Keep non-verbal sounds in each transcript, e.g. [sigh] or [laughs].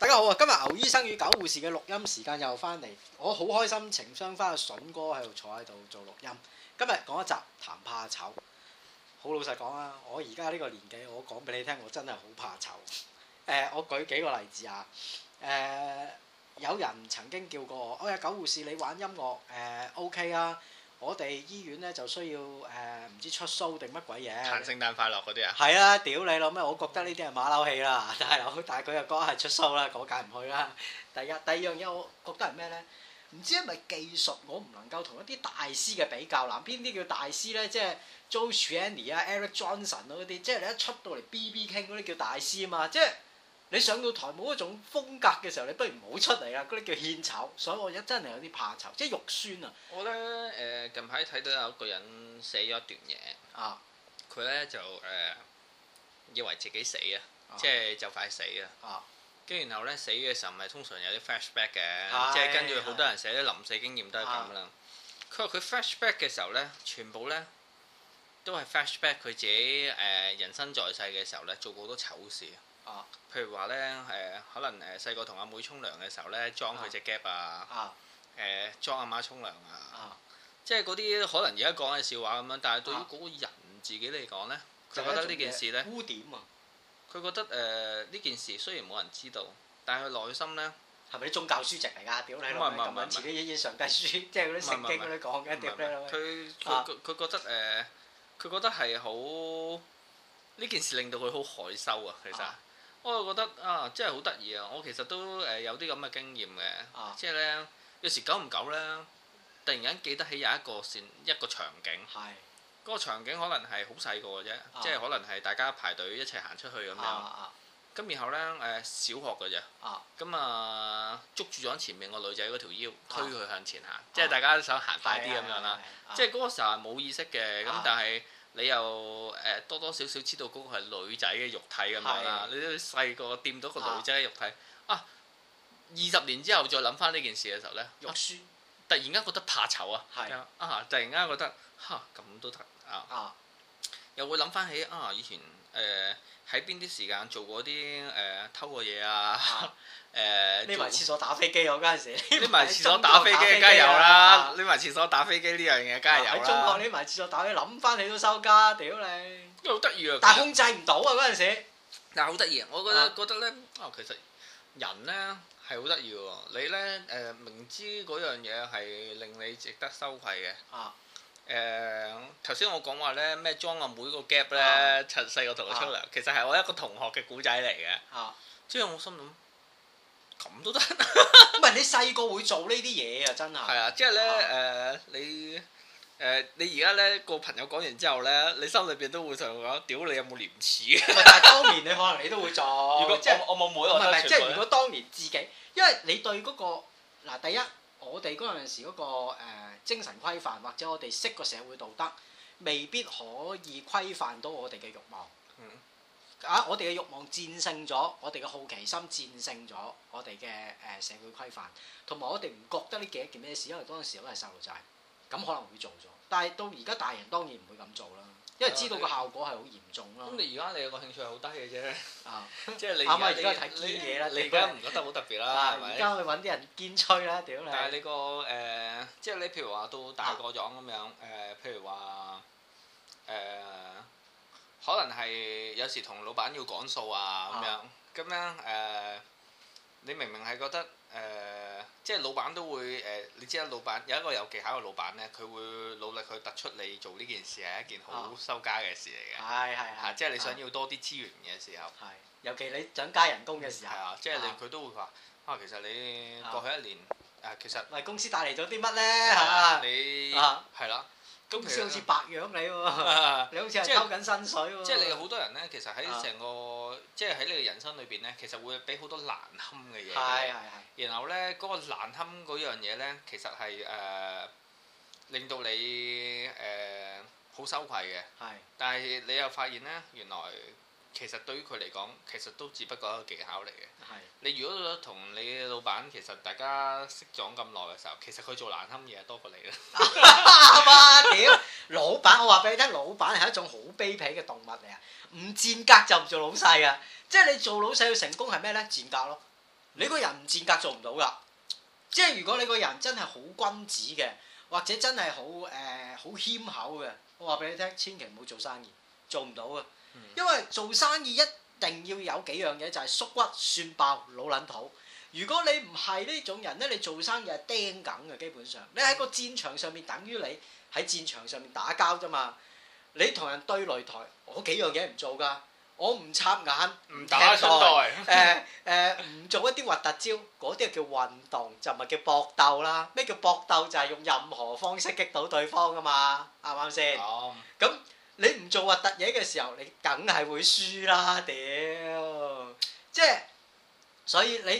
大家好啊！今日牛醫生與狗護士嘅錄音時間又翻嚟，我好開心，情商返阿筍哥喺度坐喺度做錄音。今日講一集談怕醜，好老實講啊！我而家呢個年紀，我講俾你聽，我真係好怕醜。我舉幾個例子啊。誒、呃，有人曾經叫過我，我、哦、係狗護士，你玩音樂誒、呃、OK 啊。我哋醫院咧就需要誒、呃、唔知出 show 定乜鬼嘢？彈聖誕快樂嗰啲啊？係啊，屌你老咩！我覺得呢啲係馬騮戲啦，但係但係佢又覺得係出 show 啦，嗰間唔去啦。第一第二樣嘢，我覺得係咩咧？唔知係咪技術，我唔能夠同一啲大師嘅比較。嗱，邊啲叫大師咧？即係 Joe Satriani 啊，Eric Johnson 嗰啲，即係你一出到嚟 BB King 嗰啲叫大師啊嘛，即係。你上到台冇一種風格嘅時候，你不如唔好出嚟啦，嗰啲叫獻醜。所以我而家真係有啲怕醜，即係肉酸啊！我咧誒、呃、近排睇到有個人寫咗一段嘢啊，佢咧就誒、呃、以為自己死啊，即係就快死啊。跟然後咧死嘅時候，咪通常有啲 flashback 嘅，即係跟住好多人寫啲臨死經驗都係咁啦。佢話佢、啊、flashback 嘅時候咧，全部咧都係 flashback 佢自己誒、呃、人生在世嘅時候咧做過好多醜事。譬如話咧，誒可能誒細個同阿妹沖涼嘅時候咧，裝佢隻 Gap 啊，誒裝阿媽沖涼啊，即係嗰啲可能而家講嘅笑話咁樣，但係對於嗰個人自己嚟講咧，佢覺得呢件事咧污點啊！佢覺得誒呢件事雖然冇人知道，但係佢內心咧係咪啲宗教書籍嚟噶？屌你老味，揼揼自己啲野上帝書，即係嗰啲聖經嗰啲講嘅。啲咩？佢佢佢覺得誒，佢覺得係好呢件事令到佢好害羞啊！其實。我覺得啊，真係好得意啊！我其實都誒有啲咁嘅經驗嘅，即係呢，有時久唔久呢，突然間記得起有一個線一個場景，嗰個場景可能係好細個嘅啫，即係可能係大家排隊一齊行出去咁樣，咁然後呢，誒小學嘅啫，咁啊捉住咗前面個女仔嗰條腰，推佢向前行，即係大家都想行快啲咁樣啦，即係嗰個時候係冇意識嘅，咁但係。你又誒、呃、多多少少知道嗰個係女仔嘅肉體咁樣啦，的你細個掂到個女仔嘅肉體啊，二十、啊、年之後再諗翻呢件事嘅時候咧書、啊，突然間覺得怕醜啊，的啊突然間覺得吓，咁都得啊，啊又會諗翻起啊以前誒喺邊啲時間做過啲誒、呃、偷過嘢啊。啊誒，匿埋廁所打飛機，我嗰陣時，匿埋廁所打飛機，梗係有啦。匿埋廁所打飛機呢樣嘢，梗係有啦。喺中學匿埋廁所打，諗翻你都收家，屌你！好得意啊，但控制唔到啊嗰陣時。但係好得意啊，我覺得覺得咧，啊其實人咧係好得意喎。你咧誒明知嗰樣嘢係令你值得羞愧嘅。啊。誒頭先我講話咧咩裝啊每個 gap 咧，趁細個同佢沖涼，其實係我一個同學嘅古仔嚟嘅。啊。即係我心諗。咁都得？唔係 [laughs] 你細個會做呢啲嘢啊，真係。係啊，即係咧誒，你誒、呃、你而家咧個朋友講完之後咧，你心裏邊都會想講：屌你有冇廉恥？ [laughs] 唔係，但係當年你可能你都會做。如果即係 [laughs] 我冇妹，即係、啊、如果當年自己， [laughs] 因為你對嗰個嗱第一，我哋嗰陣時嗰個誒精神規範或者我哋識個社會道德，未必可以規範到我哋嘅欲望。啊！我哋嘅欲望戰勝咗，我哋嘅好奇心戰勝咗，我哋嘅誒社會規範，同埋我哋唔覺得呢幾件咩事，因為嗰陣時我係細路仔，咁可能會做咗。但係到而家大人當然唔會咁做啦，因為知道個效果係好嚴重啦。咁、啊、你而家你有個興趣係好低嘅啫，即係你而家睇呢啲嘢你你而家唔覺得好特別啦？而家去揾啲人堅吹啦，屌你！但係你個誒，即係你譬如話到大個咗咁樣誒、呃，譬如話誒。呃呃可能係有時同老闆要講數啊咁、啊、樣，咁樣誒，你明明係覺得誒、呃，即係老闆都會誒、呃，你知啦，老闆有一個有技巧嘅老闆咧，佢會努力去突出你做呢件事係一件好收家嘅事嚟嘅，係係、啊，嚇、啊，即係你想要多啲資源嘅時候，係、啊啊，尤其你想加人工嘅時候，係啊，即係你佢、啊、都會話，啊，其實你過去一年誒、啊，其實為、啊、公司帶嚟咗啲乜咧嚇，你啊，係啦、啊。咁你好似白養你 [laughs] 你好似係抽緊薪水喎。即係、就是就是、你好多人咧，其實喺成個，即係喺你嘅人生裏邊咧，其實會俾好多難堪嘅嘢。係係係。然後咧，嗰、那個難堪嗰樣嘢咧，其實係誒、呃、令到你誒好、呃、羞愧嘅。係。是是 但係你又發現咧，原來。其實對於佢嚟講，其實都只不過係一個技巧嚟嘅。的你如果同你嘅老闆，其實大家識咗咁耐嘅時候，其實佢做難堪嘢係多過你啦。啊屌！老闆，我話俾你聽，老闆係一種好卑鄙嘅動物嚟啊！唔賤格就唔做老細啊！即係你做老細要成功係咩呢？賤格咯！你個人唔賤格做唔到噶。即係如果你個人真係好君子嘅，或者真係好誒好謙厚嘅，我話俾你聽，千祈唔好做生意，做唔到啊！因為做生意一定要有幾樣嘢，就係、是、縮骨、算爆、老撚肚。如果你唔係呢種人咧，你做生意係釘梗嘅，基本上。你喺個戰場上面，等於你喺戰場上面打交啫嘛。你同人對擂台，我幾樣嘢唔做噶，我唔插眼，唔打台，誒誒，唔做一啲核突招，嗰啲叫運動，就唔係叫搏鬥啦。咩叫搏鬥？就係用任何方式擊倒對方噶嘛，啱唔啱先？咁、oh。你唔做核突嘢嘅時候，你梗係會輸啦，屌！即係所以你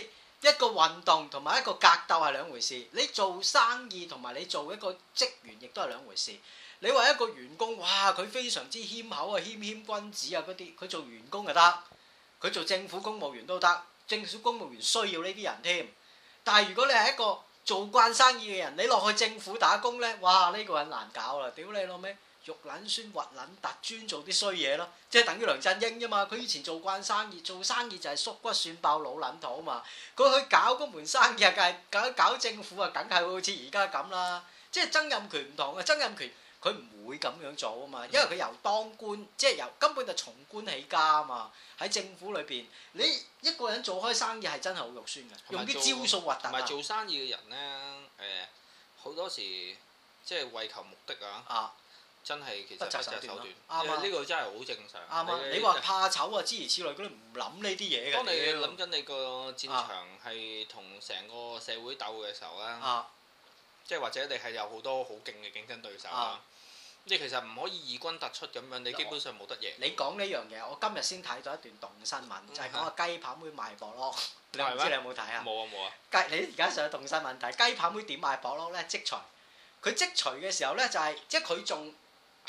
一個運動同埋一個格鬥係兩回事，你做生意同埋你做一個職員亦都係兩回事。你話一個員工，哇！佢非常之謙厚啊，謙謙君子啊嗰啲，佢做員工又得，佢做政府公務員都得，政府公務員需要呢啲人添。但係如果你係一個做慣生意嘅人，你落去政府打工呢，哇！呢、這個人難搞啦，屌你老味！肉撚酸，核撚突，專做啲衰嘢咯，即係等於梁振英啊嘛！佢以前做慣生意，做生意就係縮骨算爆老撚頭啊嘛！佢去搞嗰門生意，就係搞搞政府啊，梗係好似而家咁啦。即係曾蔭權唔同啊，曾蔭權佢唔會咁樣做啊嘛，因為佢由當官，即係由根本就從官起家啊嘛。喺政府裏邊，你一個人做開生意係真係好肉酸嘅，做用啲招數核突唔、啊、同做生意嘅人咧，誒、呃、好多時即係為求目的啊。啊。真係其實不擇手段，啱啊！呢個真係好正常。啱啊！你話怕醜啊，諸如此類嗰啲唔諗呢啲嘢嘅。當你諗緊你個戰場係同成個社會鬥嘅時候咧，即係或者你係有好多好勁嘅競爭對手啊，即係其實唔可以異軍突出咁樣，你基本上冇得贏。你講呢樣嘢，我今日先睇到一段動新聞，就係講個雞扒妹賣博囉。你知你有冇睇啊？冇啊冇啊！雞，你而家上動新聞睇，雞扒妹點賣博囉咧？即除。佢即除嘅時候咧，就係即係佢仲。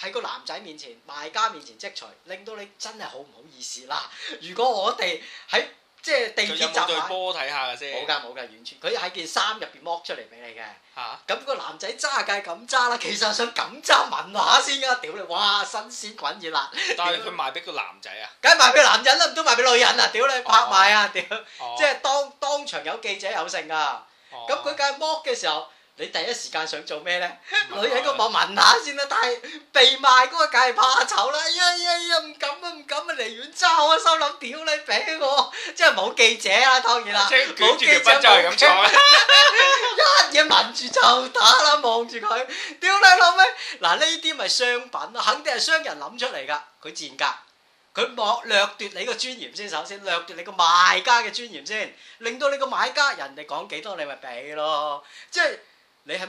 喺個男仔面前，賣家面前積除，令到你真係好唔好意思啦！如果我哋喺即係地鐵站對波睇下先，冇㗎冇㗎，完全。佢喺件衫入邊剝出嚟俾你嘅。嚇、啊！咁個男仔揸梗係咁揸啦，其實想咁揸聞下先啊！屌你，哇！新鮮滾熱辣！但係佢賣俾個男仔啊？梗係賣俾男人啦，唔通賣俾女人啊？屌你拍賣啊！屌、啊，啊、 [laughs] 即係當當場有記者有剩啊！咁佢梗係剝嘅時候。你第一時間想做咩呢？啊、女人個網問下先啦、啊，但係被賣嗰個梗係怕醜啦，哎、呀、哎、呀呀唔敢啊唔敢啊，寧願爭開心諗屌你俾我，即係冇記者啦當然啦，冇記者,記者就係咁做，一嘢問住就打啦，望住佢，屌你老咩？嗱呢啲咪商品咯，肯定係商人諗出嚟㗎，佢賤格，佢莫掠奪你個尊嚴先，首先掠奪你個賣家嘅尊嚴先，令到你個買家人哋講幾多你咪俾咯，即係。你喺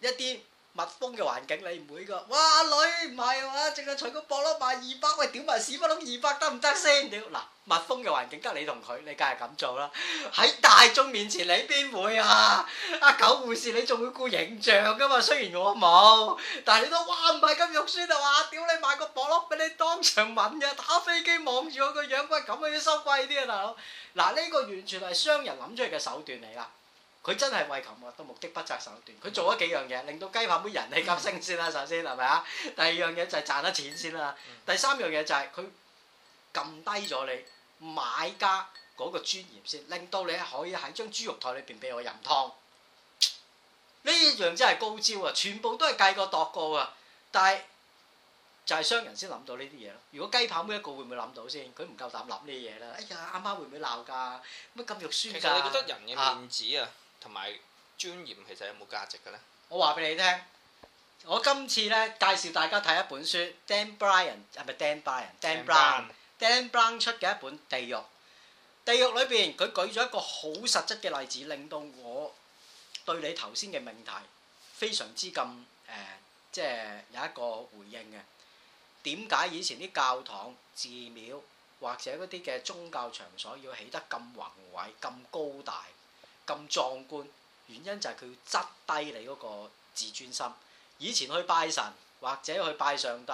一啲密封嘅環境，你唔會噶。哇！阿女唔係喎，淨係除個薄碌賣二百，喂，屌埋屎忽窿二百得唔得先？屌嗱！密封嘅環境得你同佢，你梗係咁做啦。喺大眾面前，你邊會啊？阿狗護士你仲會顧形象噶嘛？雖然我冇，但係你都話唔係咁肉酸啊！話屌你買個薄碌俾你當場吻嘅，打飛機望住我個樣，喂，咁樣要收貴啲啊，大佬！嗱呢個完全係商人諗出嚟嘅手段嚟啦。佢真係為求目目的不擇手段。佢做咗幾樣嘢，令到雞扒妹人氣急升先啦。 [laughs] 首先係咪啊？第二樣嘢就係賺得錢先啦。第三樣嘢就係佢撳低咗你買家嗰個尊嚴先，令到你可以喺張豬肉台裏邊俾我飲湯。呢一樣真係高招啊！全部都係計過度過啊。但係就係商人先諗到呢啲嘢咯。如果雞扒妹一個會唔會諗到先？佢唔夠膽諗呢啲嘢啦。哎呀，阿媽，媽會唔會鬧㗎？乜咁肉酸㗎？其實你覺得人嘅面子啊？啊同埋尊嚴其實有冇價值嘅咧？我話俾你聽，我今次咧介紹大家睇一本書，Dan Bryan 係咪 Dan Bryan？Dan Dan Brown，Dan Brown 出嘅一本《地獄》。地獄裏邊佢舉咗一個好實質嘅例子，令到我對你頭先嘅命題非常之咁誒、呃，即係有一個回應嘅。點解以前啲教堂、寺廟或者嗰啲嘅宗教場所要起得咁宏偉、咁高大？咁壯觀，原因就係佢要質低你嗰個自尊心。以前去拜神或者去拜上帝，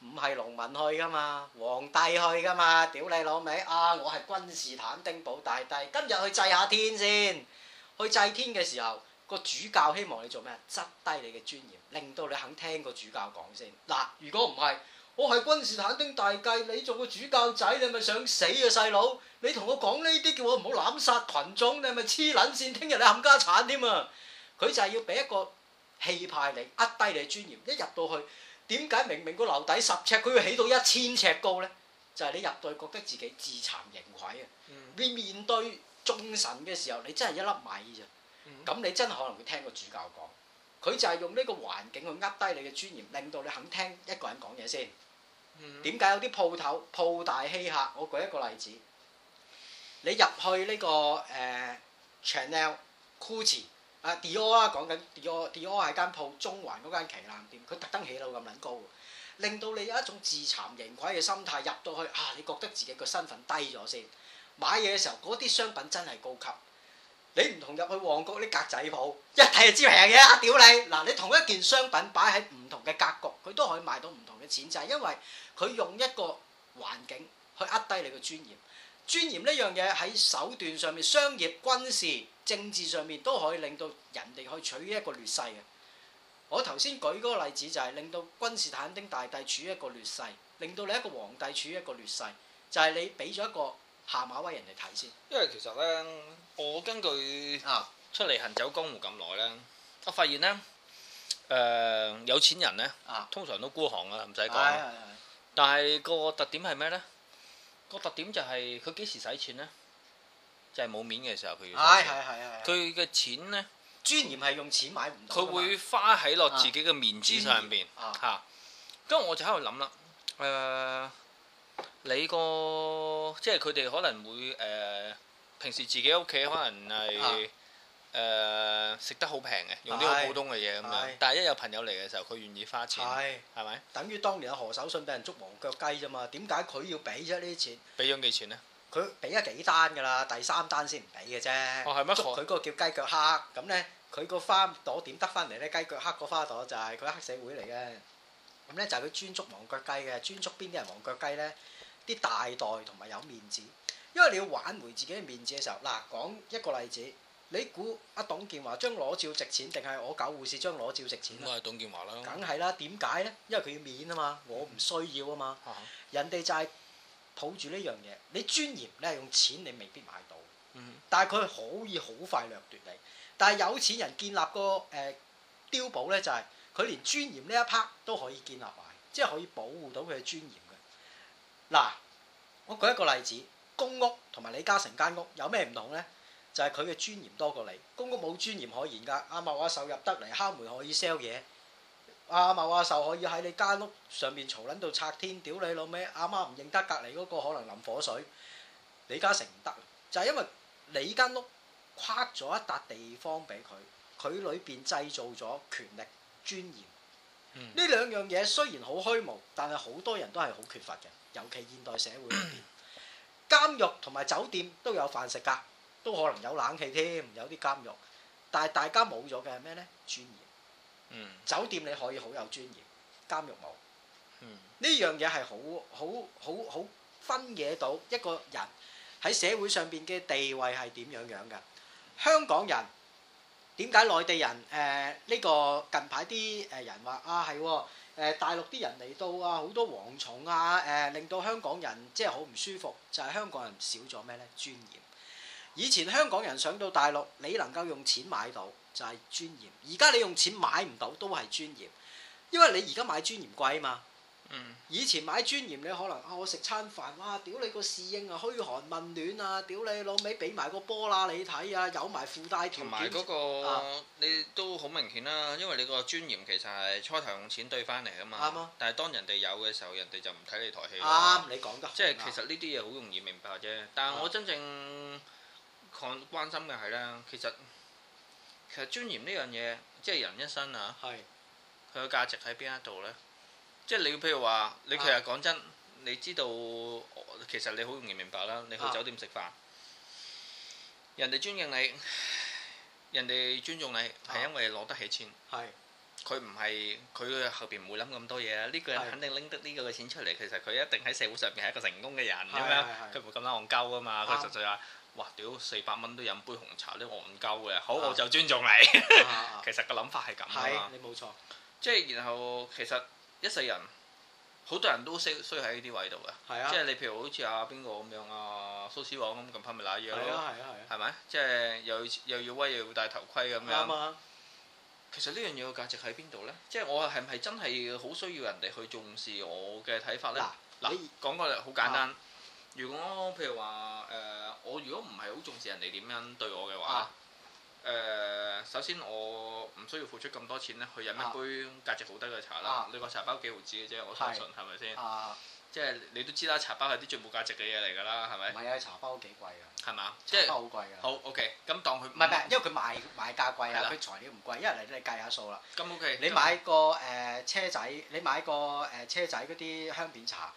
唔係農民去㗎嘛，皇帝去㗎嘛，屌你老味啊！我係君士坦丁堡大帝，今日去祭下天先。去祭天嘅時候，個主教希望你做咩？質低你嘅尊嚴，令到你肯聽個主教講先。嗱，如果唔係，我係君士坦丁大帝，你做個主教仔，你咪想死啊細佬？你同我講呢啲，叫我唔好濫殺群眾，你係咪黐撚線？聽日你冚家鏟添啊！佢就係要俾一個氣派你呃低你嘅尊嚴，一入到去，點解明明個樓底十尺，佢會起到一千尺高呢？就係、是、你入到去覺得自己自慚形穢啊！你面對眾神嘅時候，你真係一粒米咋？咁你真可能會聽個主教講。佢就係用呢個環境去呃低你嘅尊嚴，令到你肯聽一個人講嘢先。點解有啲鋪頭鋪大欺客？我舉一個例子，你入去呢個誒、呃、Chanel、Gucci 啊 Dior 啦，講緊 Dior，Dior 係間鋪中環嗰間旗艦店，佢特登起樓咁撚高，令到你有一種自慚形穢嘅心態，入到去啊，你覺得自己個身份低咗先買嘢嘅時候，嗰啲商品真係高級。你唔同入去旺角啲格仔鋪一睇就知平嘢嘅。屌你！嗱，你同一件商品擺喺唔同嘅格局，佢都可以賣到唔同嘅錢，就係因為佢用一個環境去壓低你嘅尊嚴。尊嚴呢樣嘢喺手段上面，商業、軍事、政治上面都可以令到人哋去取一個劣勢嘅。我頭先舉嗰個例子就係令到君士坦丁大帝處於一個劣勢，令到你一個皇帝處於一個劣勢，就係你俾咗一個。下馬威人嚟睇先，因為其實咧，我根據啊出嚟行走江湖咁耐咧，啊、我發現咧，誒、呃、有錢人咧，通常都孤寒啊，唔使講。哎哎哎但係個特點係咩咧？個特點就係佢幾時使錢咧？就係、係、冇面嘅時候，佢。係係係係。佢嘅錢咧，尊嚴係用錢買唔到。佢會花喺落自己嘅面子上邊嚇。咁我就喺度諗啦，誒、呃。呃你個即係佢哋可能會誒、呃，平時自己屋企可能係誒、啊呃、食得好平嘅，用啲好普通嘅嘢咁樣。但係一有朋友嚟嘅時候，佢願意花錢，係咪是？吧等於當年阿何守信俾人捉黃腳雞啫嘛？點解佢要俾咗呢啲錢？俾咗幾錢咧？佢俾咗幾單㗎啦，第三單先唔俾嘅啫。哦、係咩？捉佢嗰個叫雞腳黑咁咧，佢個花朵點得返嚟咧？雞腳黑個花朵就係佢黑社會嚟嘅。咁咧就係佢專捉黃腳雞嘅，專捉邊啲人黃腳雞咧？啲大袋同埋有面子，因為你要挽回自己嘅面子嘅時候，嗱講一個例子，你估阿董建華將裸照值錢定係我搞護士將裸照值錢啊？係董建華啦，梗係啦，點解咧？因為佢要面啊嘛，我唔需要啊嘛，嗯、人哋就係抱住呢樣嘢，你尊嚴你係用錢你未必買到，嗯、但係佢可以好快掠奪你。但係有錢人建立個誒碉堡咧，就係、是、佢連尊嚴呢一 part 都可以建立埋，即係可以保護到佢嘅尊嚴。嗱，我舉一個例子，公屋同埋李嘉誠間屋有咩唔同呢？就係佢嘅尊嚴多過你。公屋冇尊嚴可言㗎，阿茂阿壽入得嚟敲門可以 sell 嘢，阿茂阿壽可以喺你間屋上邊嘈撚到拆天，屌你老味，阿媽唔認得隔離嗰個可能淋火水。李嘉誠唔得，就係、是、因為你間屋跨咗一笪地方俾佢，佢裏邊製造咗權力尊嚴。呢兩、嗯、樣嘢雖然好虛無，但係好多人都係好缺乏嘅。尤其現代社會裏邊，監獄同埋酒店都有飯食㗎，都可能有冷氣添，有啲監獄。但係大家冇咗嘅係咩呢？尊嚴。酒店你可以好有尊嚴，監獄冇。呢樣嘢係好好好，好分嘢。到一個人喺社會上邊嘅地位係點樣樣㗎？香港人點解內地人誒呢、呃呢個近排啲誒人話啊係喎？誒大陸啲人嚟到啊，好多蝗蟲啊！誒令到香港人即係好唔舒服，就係香港人少咗咩呢？尊嚴。以前香港人上到大陸，你能夠用錢買到就係尊嚴，而家你用錢買唔到都係尊嚴，因為你而家買尊嚴貴啊嘛。嗯、以前買尊嚴，你可能啊，我食餐飯，哇、啊！屌你個侍應啊，噓寒問暖啊，屌你老尾俾埋個波啦，你睇啊，有埋附帶條件。同埋嗰個你都好明顯啦、啊，因為你個尊嚴其實係初頭用錢兌翻嚟啊嘛。啊但係當人哋有嘅時候，人哋就唔睇你台戲、啊。啱、啊，你講得、啊。即係其實呢啲嘢好容易明白啫，但係我真正關心嘅係呢，其實、啊、其實尊嚴呢樣嘢，即係人一生啊，佢嘅價值喺邊一度呢？的即係你譬如話，你其實講真，你知道其實你好容易明白啦。你去酒店食飯，人哋尊敬你，人哋尊重你係因為攞得起錢。係，佢唔係佢後邊唔會諗咁多嘢啦。呢個人肯定拎得呢個嘅錢出嚟，其實佢一定喺社會上邊係一個成功嘅人咁樣。佢唔會咁憨鳩㗎嘛。佢純粹話，哇，屌，四百蚊都飲杯紅茶都憨鳩嘅。好，我就尊重你。其實個諗法係咁啊。係，你冇錯。即係然後其實。一世人，好多人都衰衰喺呢啲位度嘅，啊、即係你譬如好似阿邊個咁樣啊，蘇施黃咁咁，近排咪嗱嘢咯，係咪、啊啊啊？即係又要又要威又要戴頭盔咁樣。啊其實呢樣嘢嘅價值喺邊度呢？即係我係咪真係好需要人哋去重視我嘅睇法呢？嗱嗱、啊，講個好簡單，啊、如果譬如話誒、呃，我如果唔係好重視人哋點樣對我嘅話。啊誒，首先我唔需要付出咁多錢咧，去飲一杯價值好低嘅茶啦。你個茶包幾毫子嘅啫，我相信係咪先？啊，即係你都知啦，茶包係啲最冇價值嘅嘢嚟㗎啦，係咪？唔係啊，茶包都幾貴㗎。係嘛？即係茶包好貴㗎。好 OK，咁當佢唔係唔係，因為佢賣賣價貴啊，佢材料唔貴。因為嚟到你計下數啦。咁 OK。你買個誒車仔，你買個誒車仔嗰啲香片茶，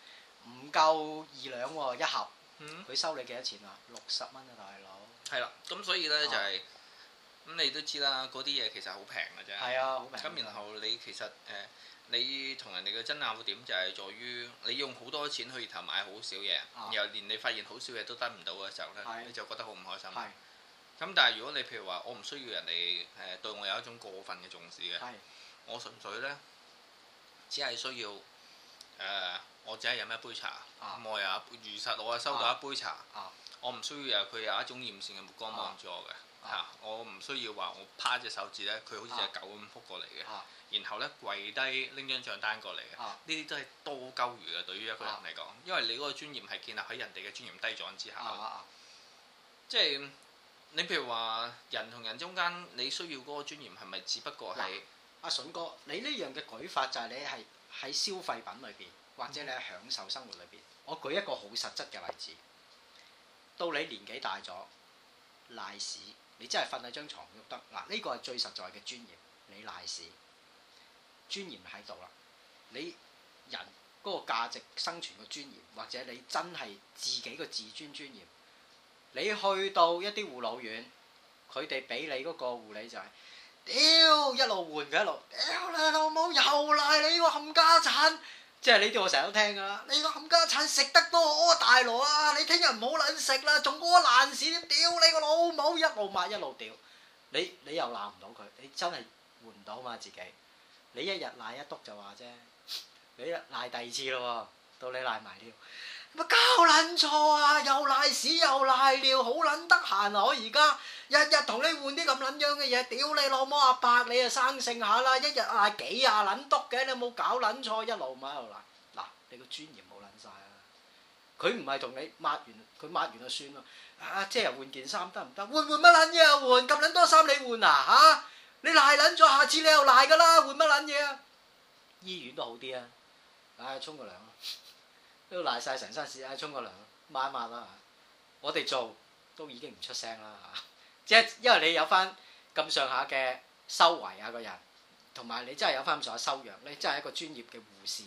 唔夠二兩喎一盒。嗯。佢收你幾多錢啊？六十蚊啊，大佬。係啦，咁所以咧就係。咁你都知啦，嗰啲嘢其實好平嘅啫。係啊，好平。咁然後你其實誒、呃，你同人哋嘅爭拗點就係在於，你用好多錢去頭買好少嘢，啊、然後連你發現好少嘢都得唔到嘅時候咧，是你就覺得好唔開心。咁是但係如果你譬如話，我唔需要人哋誒、呃、對我有一種過分嘅重視嘅，是我純粹咧只係需要誒、呃，我只係飲一杯茶，咁、啊、我有，如實我收到一杯茶，啊啊、我唔需要有佢有一種厭惡嘅目光望住我嘅。啊啊！我唔需要話，我趴隻手指咧，佢好似隻狗咁撲過嚟嘅，啊、然後咧跪低拎張帳單過嚟嘅，呢啲、啊、都係多鳩餘嘅。對於一個人嚟講，啊、因為你嗰個尊嚴係建立喺人哋嘅尊嚴低咗之下。啊啊、即係你譬如話人同人中間，你需要嗰個尊嚴係咪？只不過係阿筍哥，你呢樣嘅舉法就係你係喺消費品裏邊，或者你喺享受生活裏邊。嗯、我舉一個好實質嘅例子，到你年紀大咗，賴屎。你真係瞓喺張床都得，嗱，呢個係最實在嘅尊嚴。你賴屎，尊嚴喺度啦。你人嗰個價值生存嘅尊嚴，或者你真係自己個自尊尊嚴，你去到一啲護老院，佢哋俾你嗰個護理就係，屌，一路換佢一路，屌你老母又賴你個冚家產。即係呢啲我成日都聽噶，你冚家鏟食得多大羅啊！你聽日唔好撚食啦，仲屙爛屎，屌你個老母，一路抹一路屌，你你又鬧唔到佢，你真係換唔到嘛自己，你一日賴一篤就話啫，你一賴第二次咯喎，到你賴埋添。乜搞撚錯啊！又瀨屎又瀨尿，好撚得閒啊！我而家日日同你換啲咁撚樣嘅嘢，屌你老母阿伯，你啊生性下啦！一日嗌幾下撚篤嘅，你冇搞撚錯，一路抹一路瀨，嗱你個尊嚴冇撚晒啊！佢唔係同你抹完，佢抹完就算咯。啊，即係換件衫得唔得？換換乜撚嘢啊？換咁撚多衫你換啊？嚇！你瀨撚咗，下次你又瀨噶啦，換乜撚嘢啊？醫院都好啲啊！唉，沖個涼。都賴晒成身屎，沖個涼，抹一抹啦。我哋做都已經唔出聲啦、啊、即係因為你有翻咁上下嘅修為啊個人，同埋你真係有翻咁上下修養，你真係一個專業嘅護士，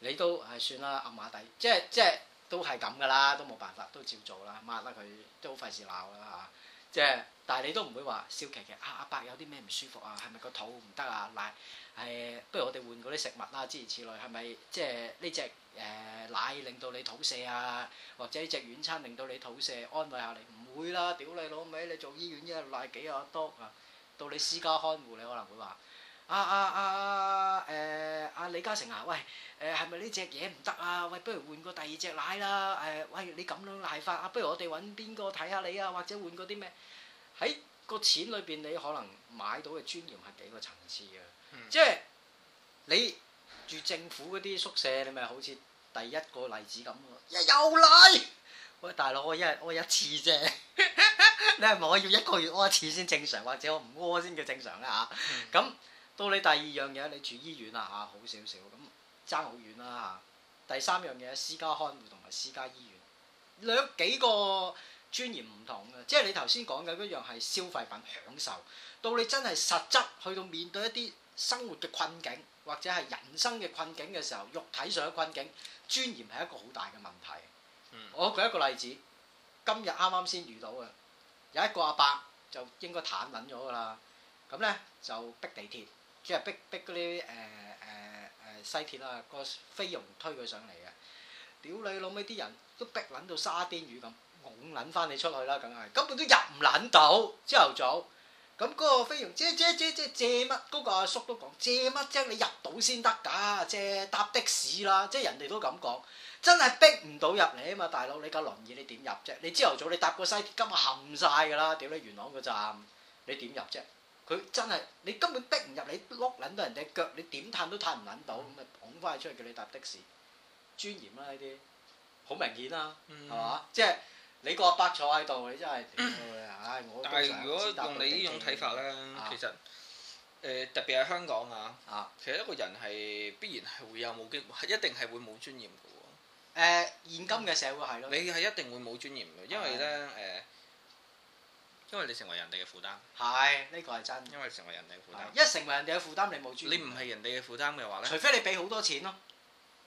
你都係、啊、算啦，暗壓底，即係即係都係咁噶啦，都冇辦法，都照做啦，抹得佢都好費事鬧啦嚇，即係。但係你都唔會話笑騎騎啊！阿伯有啲咩唔舒服啊？係咪個肚唔得啊？奶係不如我哋換嗰啲食物啦、啊，諸如此類係咪？即係呢隻誒奶令到你肚瀉啊？或者呢隻軟餐令到你肚瀉，安慰下你唔會啦！屌你老味，你做醫院一日奶幾啊多啊？到你私家看護你可能會話啊啊啊誒阿、呃啊、李嘉誠啊，喂誒係咪呢隻嘢唔得啊？喂，不如換個第二隻奶啦？誒、呃、喂，你咁樣奶法啊？不如我哋揾邊個睇下你啊？或者換嗰啲咩？喺個錢裏邊，你可能買到嘅尊嚴係幾個層次嘅，即係你住政府嗰啲宿舍，你咪好似第一個例子咁咯。又嚟，喂大佬，我一日屙一次啫， [laughs] 你係咪我要一個月屙一次先正常，或者我唔屙先叫正常咧嚇？咁、嗯、到你第二樣嘢，你住醫院啦嚇，好少少咁，爭好遠啦嚇。第三樣嘢，私家看護同埋私家醫院，兩幾個。尊嚴唔同嘅，即係你頭先講嘅嗰樣係消費品享受。到你真係實質去到面對一啲生活嘅困境，或者係人生嘅困境嘅時候，肉體上嘅困境，尊嚴係一個好大嘅問題。嗯、我舉一個例子，今日啱啱先遇到嘅，有一個阿伯就應該攤撚咗㗎啦。咁咧就逼地鐵，即係逼逼啲誒誒誒西鐵啦，個飛龍推佢上嚟嘅。屌你老味，啲人都逼撚到沙甸魚咁。咁撚翻你出去啦，梗係根本都入唔撚到。朝頭早咁嗰個飛揚借借借借借乜？嗰個阿叔都講借乜啫？你入到先得㗎，借搭的士啦。即係人哋都咁講，真係逼唔到入嚟啊嘛，大佬你架輪椅你點入啫？你朝頭早你搭個西鐵冚晒㗎啦，屌你元朗個站你點入啫？佢真係你根本逼唔入，你碌撚到人哋腳，你點攤都攤唔撚到，咁咪捧翻你出去叫你搭的士，尊嚴啦呢啲，好明顯啦，係嘛？即係。你個阿伯坐喺度，你真係，唉，我。但係如果用答你種呢種睇法咧，啊、其實誒、呃、特別係香港啊，啊其實一個人係必然係會有冇尊，係一定係會冇尊嚴嘅喎。誒、啊，現今嘅社會係咯。你係一定會冇尊嚴嘅，因為呢，誒的，因為你成為人哋嘅負擔。係，呢、呢個係真。因為成為人哋嘅負擔，一成為人哋嘅負擔，你冇尊嚴。你唔係人哋嘅負擔嘅話咧？除非你俾好多錢咯。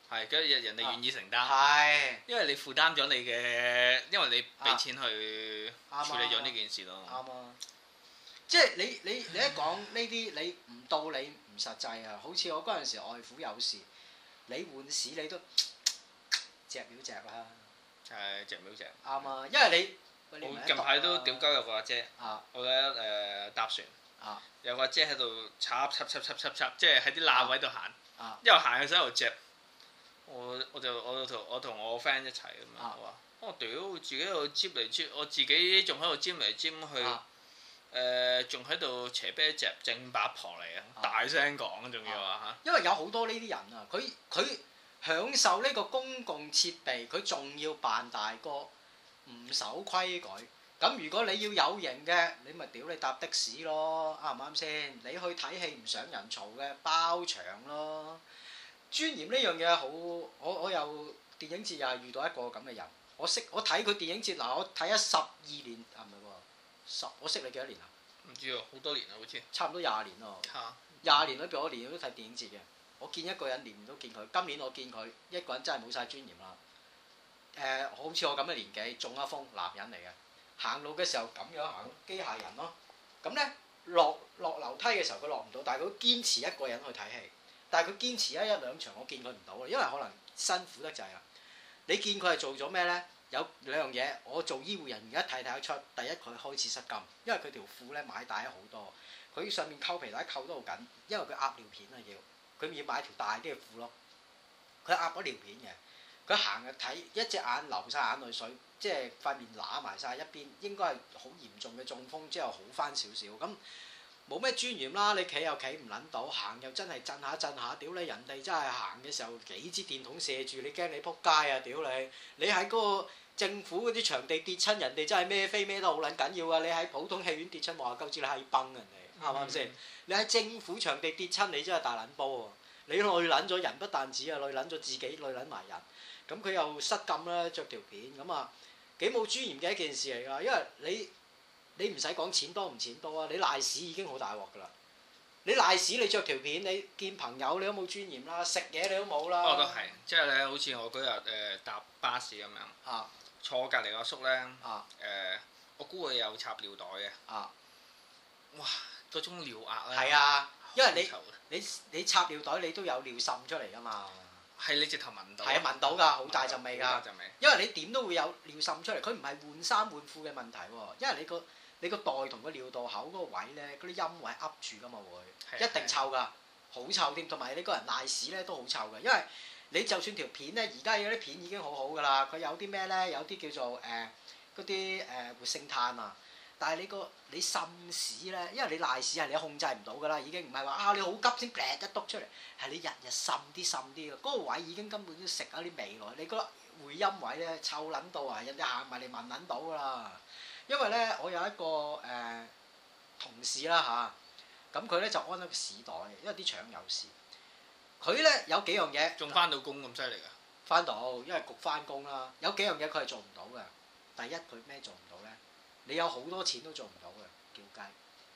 係，跟住人哋願意承擔，因為你負擔咗你嘅，因為你俾錢去處理咗呢件事咯。啱啊，即係你你你一講呢啲，你唔道理唔實際啊！好似我嗰陣時外父有事，你換屎你都隻表隻啦。係隻表隻。啱啊，因為你我近排都點交友個阿姐，我咧誒搭船，有個阿姐喺度插插插插插插，即係喺啲罅位度行，因為行佢手度隻，我我就我同我同我 friend 一齊啊嘛，話我屌自己喺度尖嚟尖，我自己仲喺度尖嚟尖去，誒仲喺度斜啤隻正八婆嚟啊！大聲講仲要啊嚇！因為有好多呢啲人啊，佢佢享受呢個公共設備，佢仲要扮大哥，唔守規矩。咁如果你要有型嘅，你咪屌你搭的士咯，啱唔啱先？你去睇戲唔想人嘈嘅包場咯。尊嚴呢樣嘢好，我我又電影節又係遇到一個咁嘅人，我識我睇佢電影節嗱，我睇咗十二年係咪喎？十我識你幾多，多年，多年啊？唔知喎，好多年啦好似。差唔多廿年咯。嚇！廿年裏邊，我年年都睇電影節嘅。我見一個人年年都見佢，今年我見佢一個人真係冇晒尊嚴啦。誒、呃，好似我咁嘅年紀，中一風男人嚟嘅，行路嘅時候咁樣行，機械人咯。咁咧落落樓梯嘅時候佢落唔到，但係佢堅持一個人去睇戲。但係佢堅持一一兩場，我見佢唔到啊，因為可能辛苦得滯啦。你見佢係做咗咩咧？有兩樣嘢，我做醫護人員而家睇睇得出，第一佢開始失禁，因為佢條褲咧買大咗好多，佢上面扣皮帶扣得好緊，因為佢鴨尿片啊要，佢要買條大啲嘅褲咯。佢鴨咗尿片嘅，佢行嘅睇一隻眼流晒眼淚水，即係塊面揦埋晒一邊，應該係好嚴重嘅中風之後好翻少少咁。冇咩尊嚴啦！你企又企唔撚到，行又真係震下震下，屌你！人哋真係行嘅時候幾支電筒射住你，驚你撲街啊！屌你！你喺嗰個政府嗰啲場地跌親，人哋真係咩飛咩得好撚緊要啊！你喺普通戲院跌親，話夠知你係崩人哋，係咪先？你喺政府場地跌親，你真係大撚煲喎！你累撚咗，人不但止啊，累撚咗自己，累撚埋人。咁佢又失禁啦，着條片咁啊，幾冇尊嚴嘅一件事嚟噶，因為你。你唔使講錢多唔錢多啊！你瀨屎已經好大鑊㗎啦！你瀨屎你着條片，你見朋友你都冇尊嚴啦，食嘢你都冇啦。不過、啊，都係，即係咧，好似我嗰日誒搭巴士咁樣，啊、坐隔離阿叔咧，誒、啊呃，我估佢有插尿袋嘅。啊！哇，嗰種尿壓咧，係啊，因為你你你插尿袋，你都有尿滲出嚟㗎嘛。係、嗯、你直頭聞到。係啊，聞到㗎，好大陣味㗎。嗯嗯、大陣味。因為你點都會有尿滲出嚟，佢唔係換衫換褲嘅問題喎，因為你個。你個袋同個尿道口嗰個位咧，嗰啲陰位噏住噶嘛會，一定臭噶，好臭添。同埋你個人瀨屎咧都好臭嘅，因為你就算條片咧，而家有啲片已經好好噶啦，佢有啲咩咧？有啲叫做誒嗰啲誒活性炭啊。但係你個你滲屎咧，因為你瀨屎係你控制唔到噶啦，已經唔係話啊你好急先劈、呃、一篤出嚟，係你日日滲啲滲啲嘅。嗰、嗰個位已經根本都食咗啲味喎。你個會陰位咧臭撚到啊，人哋行埋你，聞撚到噶啦。因為咧，我有一個誒、呃、同事啦吓，咁佢咧就安咗個屎袋，因為啲腸有事。佢咧有幾樣嘢，仲翻到工咁犀利啊！翻到，因為焗翻工啦。有幾樣嘢佢係做唔到嘅。第一佢咩做唔到咧？你有好多錢都做唔到嘅，叫雞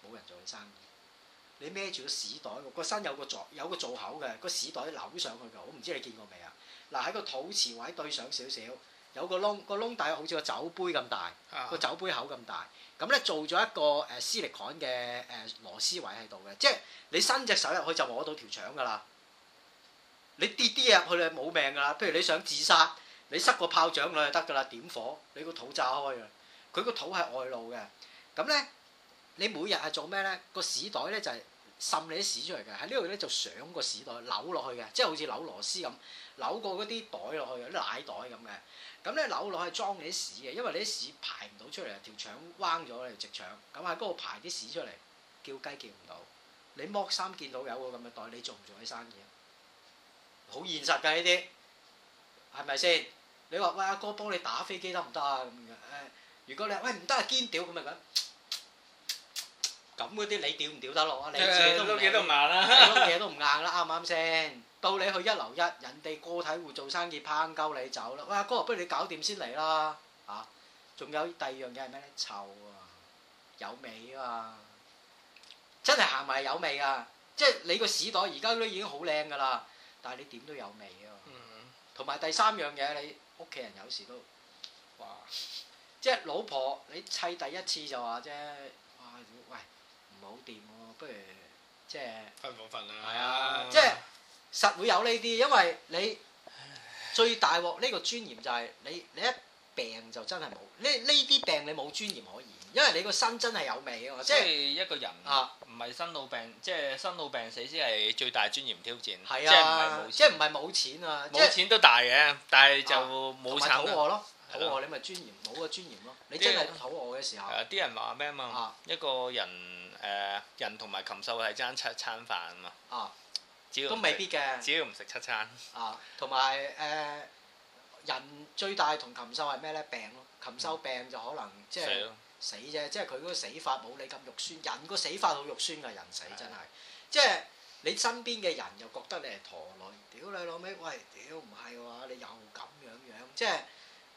冇人做佢生意。你孭住個屎袋，個身有個造有個造口嘅，個屎袋扭上去㗎。我唔知你見過未啊？嗱，喺個肚臍位對上少少。有個窿，個窿大好似個酒杯咁大，個、啊、酒杯口咁大。咁咧做咗一個誒絲力杆嘅誒螺絲位喺度嘅，即係你伸隻手入去就摸到條腸㗎啦。你跌啲入去你冇命㗎啦。譬如你想自殺，你塞個炮仗落就得㗎啦，點火你個肚炸開啦。佢個肚係外露嘅。咁咧你每日係做咩咧？個屎袋咧就係、是、滲你啲屎出嚟嘅。喺呢度咧就上個屎袋扭落去嘅，即係好似扭螺絲咁。扭過嗰啲袋落去啊，有啲奶袋咁嘅，咁咧扭落去裝你啲屎嘅，因為你啲屎排唔到出嚟啊，條腸彎咗啊，條直腸，咁喺嗰度排啲屎出嚟，叫雞叫唔到，你剝衫見到有個咁嘅袋，你做唔做啲生意？好現實㗎呢啲，係咪先？你話喂阿哥幫你打飛機得唔得啊咁嘅？如果你話喂唔得啊堅屌咁咪咁，咁嗰啲你屌唔屌得落啊？你自己都唔硬啊？你嘢都唔硬啦？啱唔啱先？到你去一樓一，人哋個體戶做生意，拋鳩你走啦。哇，哥，不如你搞掂先嚟啦，嚇、啊。仲有第二樣嘢係咩咧？臭啊，有味啊嘛。真係行埋有味啊！即係你個屎袋而家都已經好靚噶啦，但係你點都有味啊！嗯，嗯。同埋第三樣嘢，你屋企人有時都話，即係老婆你砌第一次就話啫。哇，喂，唔好掂喎，不如即係分房瞓啊，係啊，即係。睡實會有呢啲，因為你最大鑊呢、呢個尊嚴就係你你一病就真係冇，呢呢啲病你冇尊嚴可以，因為你個身真係有味嘅嘛。即係一個人啊，唔係生老病，即係、啊、生老病死先係最大尊嚴挑戰。係啊，即係唔係冇錢啊？冇是是錢都大嘅，啊、但係就冇慘。咪肚餓咯，肚餓了你咪尊嚴冇個尊嚴咯。你真係咁肚餓嘅時候，啲、啊、人話咩啊嘛？一個人誒、呃，人同埋禽獸係爭一餐飯啊嘛。啊啊都未必嘅，只要唔食七餐啊，同埋誒人最大同禽獸係咩咧？病咯，禽獸病就可能就、嗯、即係死啫，即係佢嗰個死法冇你咁肉酸。啊、人個死法好肉酸㗎，人死真係的即係你身邊嘅人又覺得你係陀累屌你老尾喂，屌唔係㗎你又咁樣樣，即係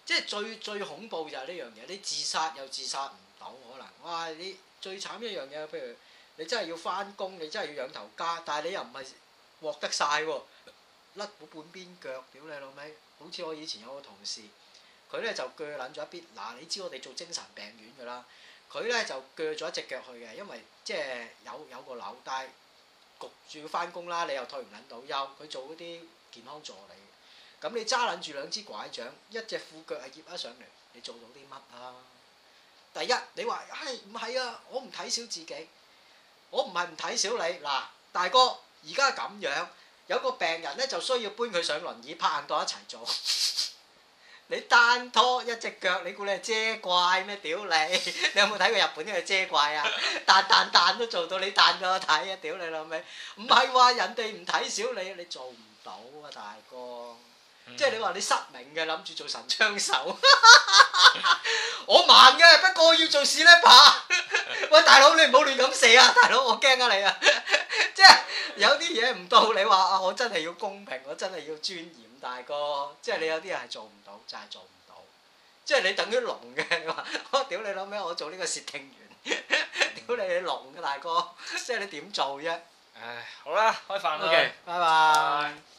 即係最最恐怖就係呢樣嘢，你自殺又自殺唔到可能，哇！你最慘一樣嘢，譬如你真係要返工，你真係要養頭家，但係你又唔係。獲得晒喎、啊，甩到半邊腳屌你老味，好似我以前有個同事，佢咧就鋸撚咗一邊。嗱、啊，你知我哋做精神病院㗎啦，佢咧就鋸咗一隻腳去嘅，因為即係有有個扭，但焗住要翻工啦，你又退唔撚到休。佢做嗰啲健康助理，咁你揸撚住兩支拐杖，一隻褲腳係挾啊上嚟，你做到啲乜啊？第一，你話唉，唔係啊？我唔睇小自己，我唔係唔睇小你嗱、啊，大哥。而家咁樣有個病人咧，就需要搬佢上輪椅，拍硬檔一齊做。 [laughs] 你單拖一隻腳，你估你係遮怪咩？屌你！你有冇睇過日本啲嘅遮怪啊？彈彈彈都做到你彈到睇啊！屌你老味！唔係話人哋唔睇小你，你做唔到啊，大哥！嗯、即係你話你失明嘅，諗住做神槍手。 [laughs] 我盲嘅，不過要做屎裂把。爸 [laughs] 喂，大佬你唔好亂咁射啊！大佬我驚啊你啊！ [laughs] 即係有啲嘢唔到，你話啊，我真係要公平，我真係要尊嚴，大哥，即係你有啲人係做唔到，就係、是、做唔到，即係你等於聾嘅。你話我屌你老味，我做呢個竊聽員，屌 [laughs] 你係聾嘅大哥，即係你點做啫？唉，好啦，開飯啦，拜拜，okay。